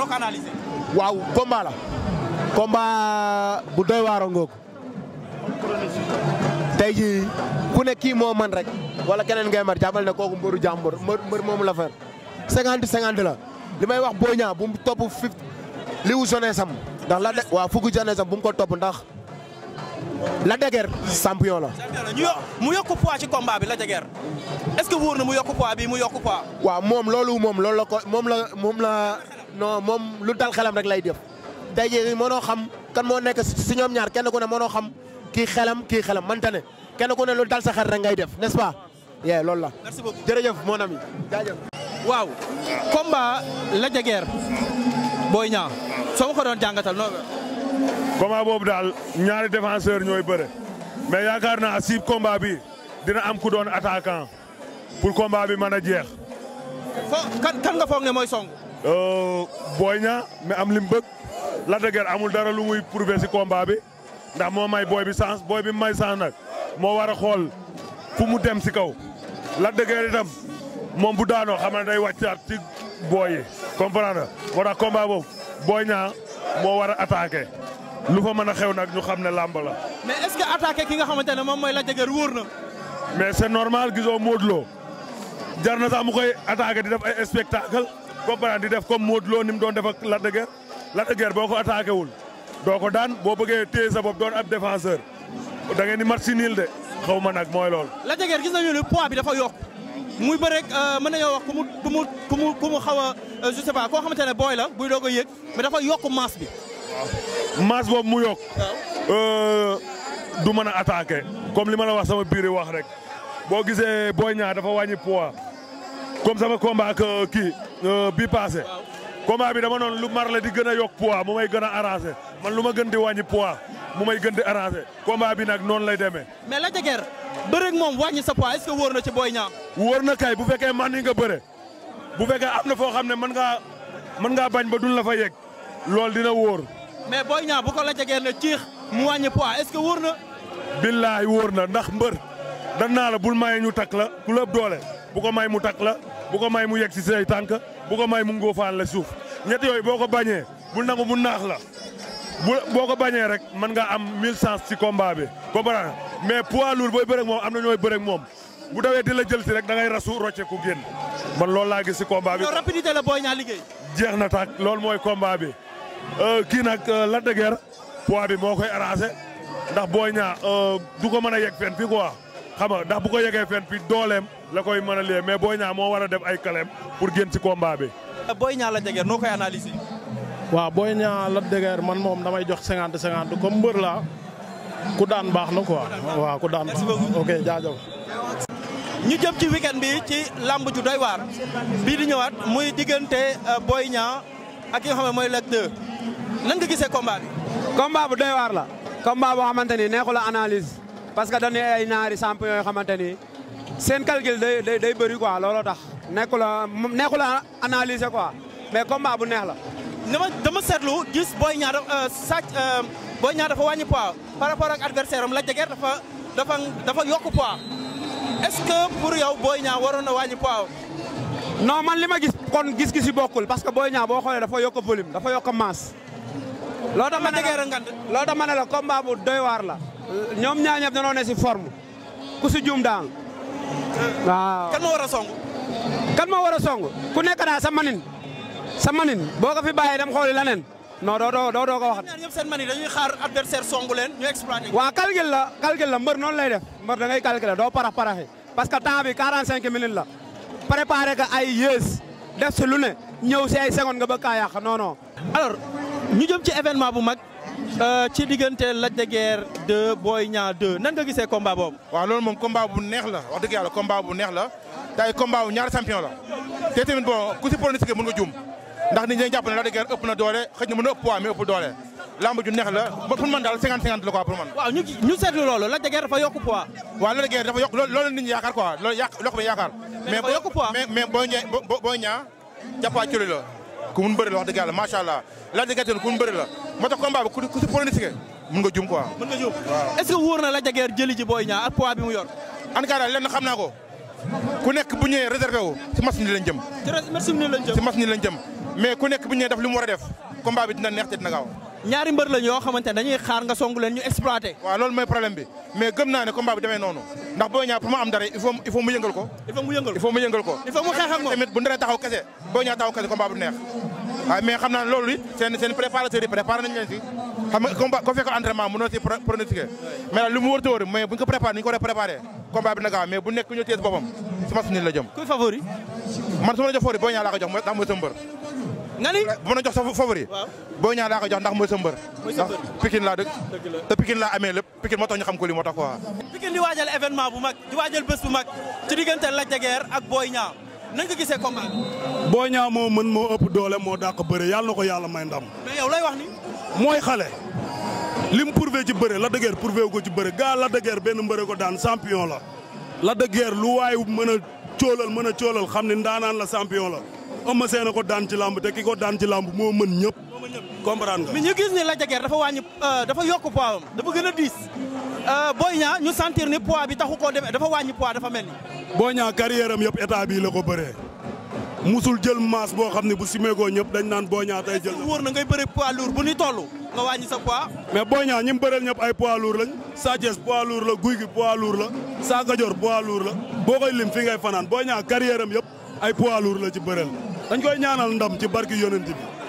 noo ko analyser waaw combat la combat bu doy ngoog tey jii ku ne kii moo man rek wala keneen ngay mar jàppal ne kooku mbëru jàmbur mbër moomu la fer cinquante cinquante la li may wax boo ñaa bu mu topp fif li wu jeunesse am ndax la de waaw fukki am bu ko topp ndax la deger champion la. mu yokk poids ci combat la deger est-ce mu yokk poids bi mu yokk poids. waaw moom loolu moom loolu ko moom la. non moom lu dal xelam rek lay def tey jii mënoo xam kan moo nekk si ñoom ñaar kenn ku ne mënoo xam kii xelam kii xelam mënta ne kenn ku ne lu dal sa xel rek ngay def n'est-ce pas. yee loolu la. merci beaucoup jërëjëf mon ami jaajëf. waaw combat Lac de Guiers Boy Niang ko doon jàngatal noonu. combat boobu daal ñaari défenseur ñooy bëre mais yaakaar naa si komba bi dina am ku doon attaquant pour combat bi mën a jeex. fo kan nga foog ne mooy song. Euh, booy Niang mais am lim bëgg Lac de Guiers amul dara lu muy prouver si combat bi ndax moo may booy bi sens booy bi may sens nag moo war a xool fu mu dem si kaw Lac de Guiers itam moom bu daanoo xam ne day wàccaat ci booy yi comprendre moo tax combat boobu booy Niang moo war a attaqué lu fa mën a xew nag ñu xam ne làmb la. mais est ki nga xamante ne moom mooy Lac de wóor na. mais c'est normal gisoo Modou Lo jar na sax mu koy attaqué di def ay spectacle comprendre di def comme Modou Lo ni mu doon defak ak Lac de boo ko attaqué wul doo ko daan boo bëggee téye sa bopp doon ab défenseur da ngeen di match nul de xaw ma nag mooy loolu. Lac de Guiers gis nañu ne poids bi dafa yokk muy ba rek euh, mën nañoo wax ku mu ku mu ku mu ku mu xaw a euh, je koo xamante ne booy la buy doog a yëg mais dafa yokk masse bi. waaw boobu mu yokk. Euh, du mën a attaqué comme li ma la wax sama biir wax rek boo gisee booy ñax dafa wàññi poids. comme sama combat ak euh, kii euh, bi passé combat bi dama noonu lu mar la di gën a yokk poids mu may gën a arrangé man lu ma gën di wàññi poids mu may gën di arrangé combat bi nag noonu lay demee. mais Lac de Guiers bëre moom wàññi sa poids est-ce wóor na ci Boy Niang. wóor na kay bu fekkee man ni nga bëre bu fekkee am na foo xam ne mën ngaa mën ngaa bañ ba dul la fa yegg loolu dina wóor. mais Boy ñaa bu ko Lac de ne ciix mu wàññi poids est-ce que wóor na. billaay wóor na ndax mbër danaa la bul maye ñu takk la ku la doole. bu ko may mu takk la bu ko may mu yegg si say tànk bu ko may mu ngóofaan la suuf ñett yooyu boo ko bañee bul nangu mu naax la bu boo ko bañee rek mën nga am mille chance ci combat bi comprendre mais poids lourd booy bëreeg moom am na ñooy bëreeg moom bu dawee di la jël si rek da ngay rasu rocce ku génn man loolu laa gis si combat bi. rapidité la booy ñaa liggéey. jeex na tàkk loolu mooy combat bi euh, kii nag euh, Lac de Guiers bi moo koy arrangé ndax booy ñaa euh, du ko mën a yegg fenn fii quoi. xam nga ndax bu ko yegee fenn fii dooleem la koy mën a lee mais Boy Niang moo war a def ay kaleem pour génn ci combat bi. Boy Niang Lac de Guiers noo koy analyser. waaw booy Niang Lac de Guiers man moom damay jox cinquante cinquante comme mbër laa ku daan baax na quoi. waaw ku daan baax ok jaajëf. ñu jëm ci weekend bi ci lamb ju doy waar bii di ñëwaat muy diggante euh, booy ñaa ak ki nga xam ne mooy Lac 2 nan nga gisee combat bi. bu doy waar la. combat boo xamante ni neexu la analyse. parce que dañuy ay ñaari champion yoo xamante ni seen calcul day day day bëri quoi looloo tax. nekkul a nekkul a analyser quoi mais combat bu neex la. dama dama seetlu gis booy Niang sàcc Boy Niang fa euh, euh, wàññi poids a rapport ak adversaire am Lac de dafa dafa dafa yokk poids est-ce que pour yow Boy Niang waroon na a poids man li ma gis kon gis-gis yi bokkul parce que Boy Niang boo xoolee dafa yokk volume dafa yokk masse. loo tax ma ne la loo tax ma ne la combat bu doy waar la. ñoom ñaar ñëpp dañoo si forme ku si juum daal waaw. kan moo war a song. kan moo war song ku nekk daal sa manin sa manin boo ko fi bàyyee dem xooli leneen non doo doo doo ko waxat. ñoom ñëpp seen manin dañuy xaar adversaire leen ñu exploité. waaw calcul la calcul noon lay def mbër da ngay calculer doo parax paraxi parce que temps bi 45 minutes la préparé ka ay yées def si lu ne ñëw si ay secondes nga bëgg kaa yàq non non. alors ñu jëm ci événement bu mag. Euh, ci diggante Lac de Guiers 2 Boy Niang 2 nan nga gisee combat waaw loolu moom combat bu neex la wax dëgg yàlla combat bu neex la te ay combat ñaar champion la te tamit bon ku si pronostiqué mën nga juum ndax nit ñi dañu jàpp ëpp na doole xëy na mën ëpp poids mais ëpp doole lamb ju neex la pour man daal 50 50 la quoi pour man. waaw ñu ñu seetlu loolu Lac de Guiers dafa yokk poids. waaw Lac de Guiers dafa yokk loolu loolu nit ñi yaakaar quoi loolu yàq yokk ba ku mun bëri la wax dëgg yàlla macha allah Lac mun bëri la moo tax ku si pronostiqué mun nga jum quoi. mun nga na Lac de Guiers jëli ji Boy Niang mu yor. en tout lenn xam naa ko ku nekk bu ñëwee réservé si match ni lañ si match ni lañ jëm ku nekk bu ñëwee def li mu a def combat bi dina neex te dina gaaw. ñaari mbër ñoo xamante dañuy xaar nga songu ñu exploité. waaw loolu mooy problème bi mais gëm naa ne combat demee noonu ndax Boy Niang pour mu am dara waaw ah, mais xam naa loolu it seen seen préparateur yi préparé nañu leen si xam nga combat ko fekk entraînement mu wër te wër mais bu préparé ko war a préparé na gaaw ah, mais bu nekk ñu téye boppam sama suñu la jëm. kuy favori. man su ma la favori boo ñaa laa ko jox ndax mooy sa mbër. bu ma la jox favori. waaw ñaa laa ko jox ndax mooy sa mbër. mooy sa mbër la amee lépp Pikine moo tax ñu xam ko lii moo tax quoi. Pikine di waajal événement bu mag di waajal bés bu mag ci nan nga gisee combat bi. Boy Niang moo mën moo ëpp doole moo dàq bëre yàlla na ko yàlla may ndam. mais yow lay wax ni. mooy xale. li mu prouvé ci bëre la dëgër prouvé wu ko ci bëre gaa la dëgër benn mbëre ko daan champion la. la dëgër lu waay mën a coolal mën a coolal xam ne ndaanaan la champion la. Eumeu Sène ko daan ci làmb te ki ko daan ci làmb moo mën ñëpp. comprendre nga. mais ñu gis ne la dëgër dafa wàññi euh, dafa yokk poids am a diis. Euh, boo Niang ñu sentir ni poids bi taxu koo demee dafa wàññi poids dafa mel ni. Boy Niang carrière am yëpp état bii la ko bëree. musul jël masse boo xam ne bu simeekoo ñëpp dañ naan boo Niang jël. wóor na ngay bëre poids lourd bu ni toll nga wàññi sa poids. mais boo Niang ñi mu bëreel ñëpp ay poids lourd lañ. Sa Thiès poids la guy Gui poids lourd la Sa Kajoor poids lourd la boo koy lim fi ngay fanaan Boy ñaa carrière am yëpp ay poids lourd la ci bëreel dañ koy ñaanal ndam ci barki yonent bi.